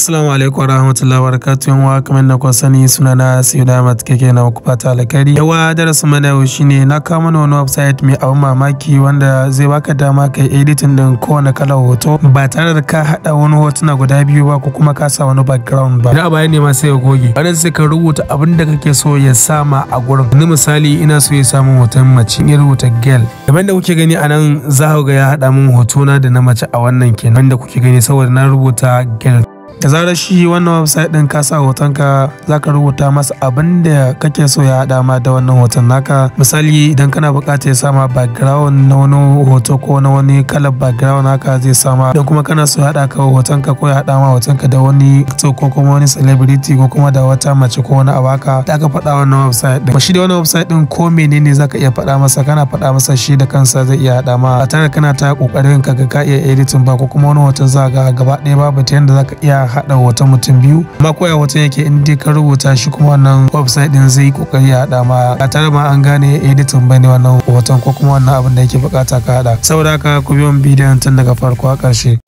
Assalamu alaikum warahmatullahi wabarakatuh yan wa kamar da kun sani suna na Sayyid Ahmad keke na muku fata alkari yawa darasin mu da shine na kawo mana wani website mai abin mamaki wanda zai baka dama kai editing din kowane kalar hoto ba tare da ka hada wani hotuna guda biyu ba ko kuma ka sa wani background ba da baya ne ma sai ya goge wannan sai ka rubuta abin da kake so ya sama a gurin ni misali ina so ya samu hoton mace ya rubuta girl kamar da kuke gani anan za ku ga ya hada min hotona da na mace a wannan kenan da kuke gani saboda na rubuta girl da zarar shi wannan website din ka sa hotonka za ka rubuta masa abin da kake so ya haɗa ma da wannan hoton naka misali idan kana buƙatar ya sama background na wani hoto ko na wani kalar background naka zai sama idan kuma kana so ya haɗa ka hotonka ko ya haɗa ma hotonka da wani to ko kuma wani celebrity ko kuma da wata mace ko wani abaka da aka faɗa wannan website din shi da wannan website din ko menene zaka iya faɗa masa kana faɗa masa shi da kansa zai iya haɗa ma a tare kana ta kokarin ka ga ka iya editing ba ko kuma wani hoton za ga gaba ɗaya babu ta yanda zaka iya haɗa wata mutum biyu amma koya wata yake in dai ka rubuta shi kuma wannan website din zai kokari ya haɗa ma a tare ma an gane editing bane wannan hoton ko kuma wannan abin da yake bukata ka haɗa saboda haka ku biyo bidiyon tun daga farko a ƙarshe.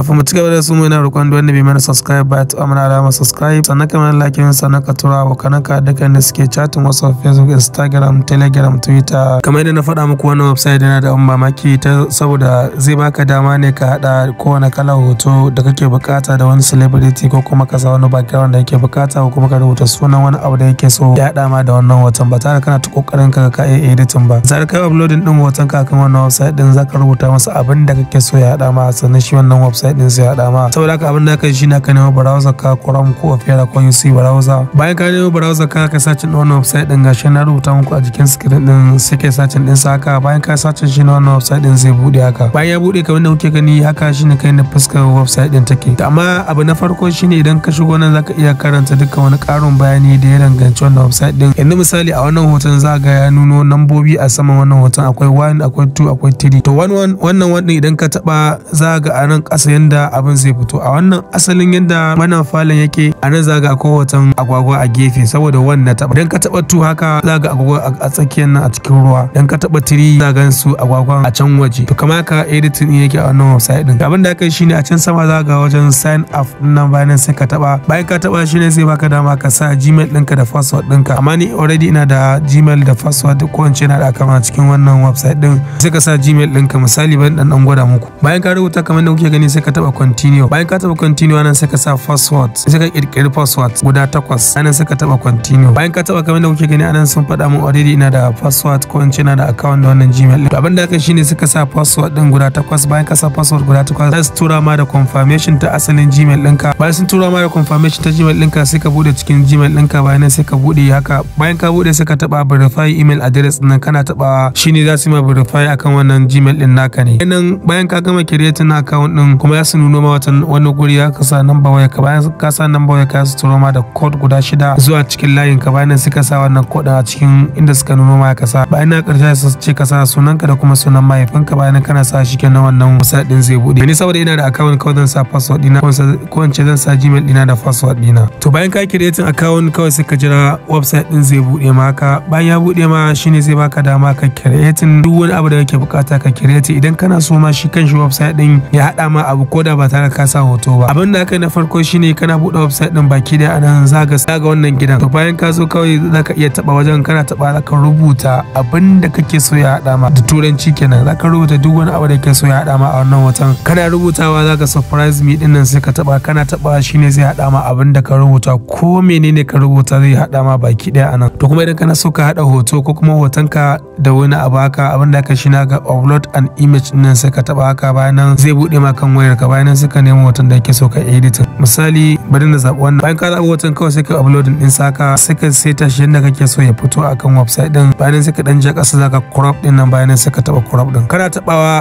kafin mu ci gaba da su mu yana roƙon duk wanda bai mana subscribe ba ta amana alamar subscribe sannan ka mana like sannan ka tura wa ka dukkan da suke chatting wasu facebook instagram telegram twitter kamar yadda na faɗa muku wannan website yana da mamaki ta saboda zai baka dama ne ka haɗa kowane kalar hoto da kake bukata da wani celebrity ko kuma ka sa wani background da yake bukata ko kuma ka rubuta sunan wani abu da yake so ya haɗa ma da wannan hoton ba tare kana ta kokarin ka ka yi editing ba zaka kai uploading din hoton ka kan wannan website din zaka rubuta masa abin da kake so ya haɗa ma sannan shi wannan website website sai hada ma saboda haka abin da ka shi na ka nemo browser ka Chrome ko Opera ko UC browser bayan ka nemo browser ka ka sace din wannan website din gashi na rubuta muku a jikin screen din sai ka sace din sa haka bayan ka sace shi na wannan website din zai bude haka bayan ya bude kamar da kuke gani haka shine kai na fuskar website din take amma abu na farko shine idan ka shigo nan zaka iya karanta dukkan wani karin bayani da ya danganci wannan website din yanzu misali a wannan hoton za ga ya nuno nambobi a saman wannan hoton akwai 1 akwai 2 akwai 3 to 1 1 wannan wannan idan ka taba za ga a nan kasa yanda abin zai fito a wannan asalin yanda wannan falon yake a nan zaga ga hoton agwagwa a gefe saboda wannan taba dan ka taba tu haka za ga agwagwa a tsakiyar nan a cikin ruwa dan ka taba tiri ga su agwagwa a can waje to kamar editin editing yake a wannan website din abin da kai shine a can sama za ga wajen sign up nan bayan sai ka taba bayan ka taba shine zai baka dama ka sa gmail ɗinka da password ɗinka amma ni already ina da gmail da password ko in ce na da kama cikin wannan website din sai ka sa gmail ɗinka misali ban dan gwada muku bayan ka rubuta kamar da kuke gani sai sai ka taba continue bayan ka taba continue anan sai ka sa password sai ka kirkiri password guda takwas anan sai ka taba continue bayan ka taba kamar da kuke gani anan sun faɗa mun already ina da password ko in ce ina da account da wannan Gmail to abin da aka shine suka sa password din guda takwas bayan ka sa password guda takwas sai su tura ma da confirmation ta asalin Gmail ɗinka bayan sun tura ma da confirmation ta Gmail ɗinka sai ka bude cikin Gmail ɗinka bayan sai ka bude haka bayan ka bude sai ka taba verify email address din kana taba shine za su ma verify akan wannan Gmail ɗin naka ne bayan ka gama creating account din kuma ya su noma wata wani guri ya kasa sa namba waya ka bayan ka sa namba waya ka su turo ma da code guda shida zuwa cikin layin ka bayan suka sa wannan code a cikin inda suka nuno ma kasa bayan na karshe su ce ka sa sunan ka da kuma sunan ka bayan kana sa shi kenan wannan wasa din zai bude ni saboda ina da account kawai zan sa password dina ko in ce zan sa gmail dina da password dina to bayan ka creating account kawai sai ka jira website din zai bude maka bayan ya bude ma shine zai baka dama ka creating duk wani abu da kake bukata ka create idan kana so ma shi kan shi website din ya hada ma abu abu ko da ba tare ka sa hoto ba abin da aka yi na farko shine kana buɗe website din baki da anan zaga zaga wannan gidan to bayan ka zo kawai zaka iya taba wajen kana taba zaka rubuta abin da kake so ya hada ma da turanci kenan zaka rubuta duk wani abu da kake so ya hada ma a wannan watan kana rubutawa zaka surprise me din nan sai ka taba kana taba shine zai hada ma abin da ka rubuta ko menene ka rubuta zai hada ma baki daya anan to kuma idan kana so ka hada hoto ko kuma hotonka da wani abu haka abin da aka shi na ga upload an image din nan sai ka taba haka bayan nan zai bude ma kan wayar daga bayanan suka nemo hoton da yake so ka editin misali bari na zaɓi wannan bayan ka zaɓi hoton kawai sai ka uploading din saka sai ka seta shi yadda kake so ya fito akan website din bayan sai ka dan ja ƙasa ka crop din nan bayan sai ka taɓa crop din kana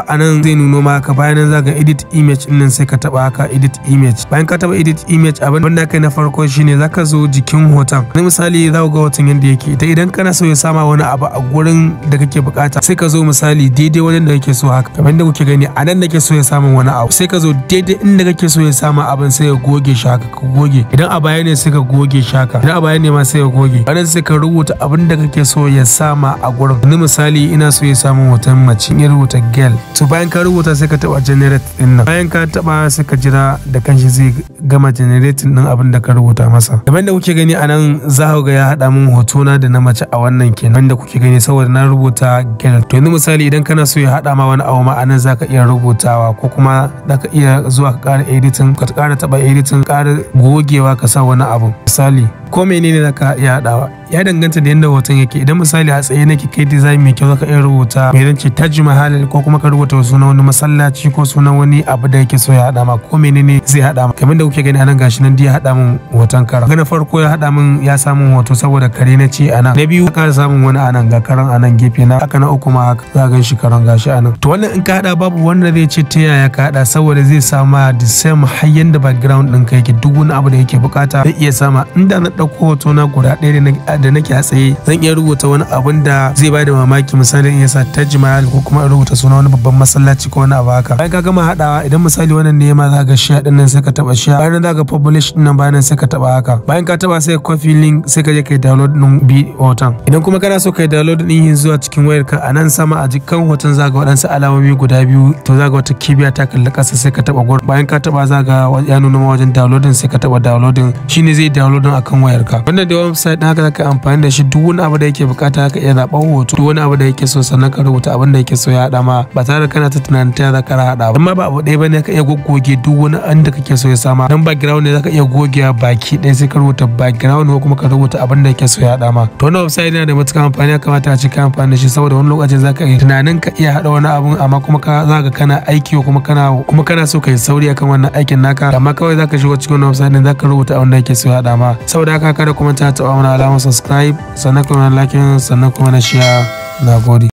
a nan zai nuno maka bayan ka edit image din nan sai ka taɓa haka edit image bayan ka taɓa edit image abin da kai na farko shine ka zo jikin hoton na misali za ga hoton yadda yake ita idan kana so ya sama wani abu a gurin da kake bukata sai ka zo misali daidai wajen da kake so haka kamar yadda kuke gani nan nake so ya samu wani abu sai ka zo daidai inda kake so ya samu abin sai ya goge shi haka ka goge idan a baya ne sai ka goge shaka idan a baya ne ma sai ka goge bayan sai ka rubuta abin da kake so ya sama a gurin ni misali ina so ya samu hoton mace ya rubuta girl to bayan ka rubuta sai ka taba generate din nan bayan ka taba sai ka jira da kanshi zai gama generating din abin da ka rubuta masa kamar da kuke gani anan za ku ga ya haɗa min na da na mace a wannan kenan da kuke gani saboda na rubuta girl to yanzu misali idan kana so ya haɗa ma wani abu ma anan zaka iya rubutawa ko kuma zaka iya zuwa ka ƙara editing ka ƙara taɓa editing ƙara gogewa ka sa wani abu misali ko menene zaka iya haɗawa ya danganta da yadda hoton yake idan misali a tsaye nake kai design mai kyau zaka iya rubuta mai ce taj mahal ko kuma ka rubuta sunan wani masallaci ko sunan wani abu da yake so ya haɗa ma ko menene zai haɗa ma kamar da kuke kuke gani anan gashi nan ya haɗa min hoton kara ga na farko ya haɗa min ya samu hoto saboda kare na ce anan na biyu ka samun wani anan ga karan anan gefe na haka na uku ma haka za gan shi karan gashi anan to wannan in ka haɗa babu wanda zai ce ta yaya ka haɗa saboda zai sama the same har yanda background ɗin ka yake duk wani abu da yake bukata zai iya sama inda na ɗauko hoto na guda ɗaya da nake a tsaye zan iya rubuta wani abun da zai bada mamaki misalin ya sa Taj Mahal ko kuma rubuta suna wani babban masallaci ko wani abu haka bayan ka gama haɗawa idan misali wannan ne ma za ga shi ɗin nan sai ka taɓa shi har da ga publish din nan bayan sai ka taba haka bayan ka taba sai coffee link sai ka je kai download din bi hoton idan kuma kana so kai download din yin zuwa cikin wayar ka a nan sama a jikan hoton zaga waɗansu alamomi guda biyu to zaka wata kibiya ta kalli ƙasa sai ka taba gurin bayan ka taba zaka ya nuna wajen wajen din sai ka taba din shine zai din akan wayar ka wannan da website haka zaka amfani da shi duk wani abu da yake bukata haka iya zaɓan hoto duk wani abu da yake so sannan ka rubuta abin da yake so ya haɗa ma ba tare da kana ta tunanin ta za ka ba amma ba abu ɗaya bane ka iya goggoge duk wani an da kake so ya sama dan background ne zaka iya gogewa baki ɗaya sai ka rubuta background ko kuma ka rubuta abin da yake so ya dama to wannan website yana da matukar amfani ya kamata a ci ka amfani da shi saboda wani lokacin zaka iya tunanin ka iya hada wani abun amma kuma ka zaka kana aiki ko kuma kana kuma kana so ka yi sauri akan wannan aikin naka amma kawai zaka shigo cikin website ne zaka rubuta abin da yake so ya dama saboda haka kada kuma ta taɓa mana alamar subscribe sannan kuma na like sannan kuma na share na gode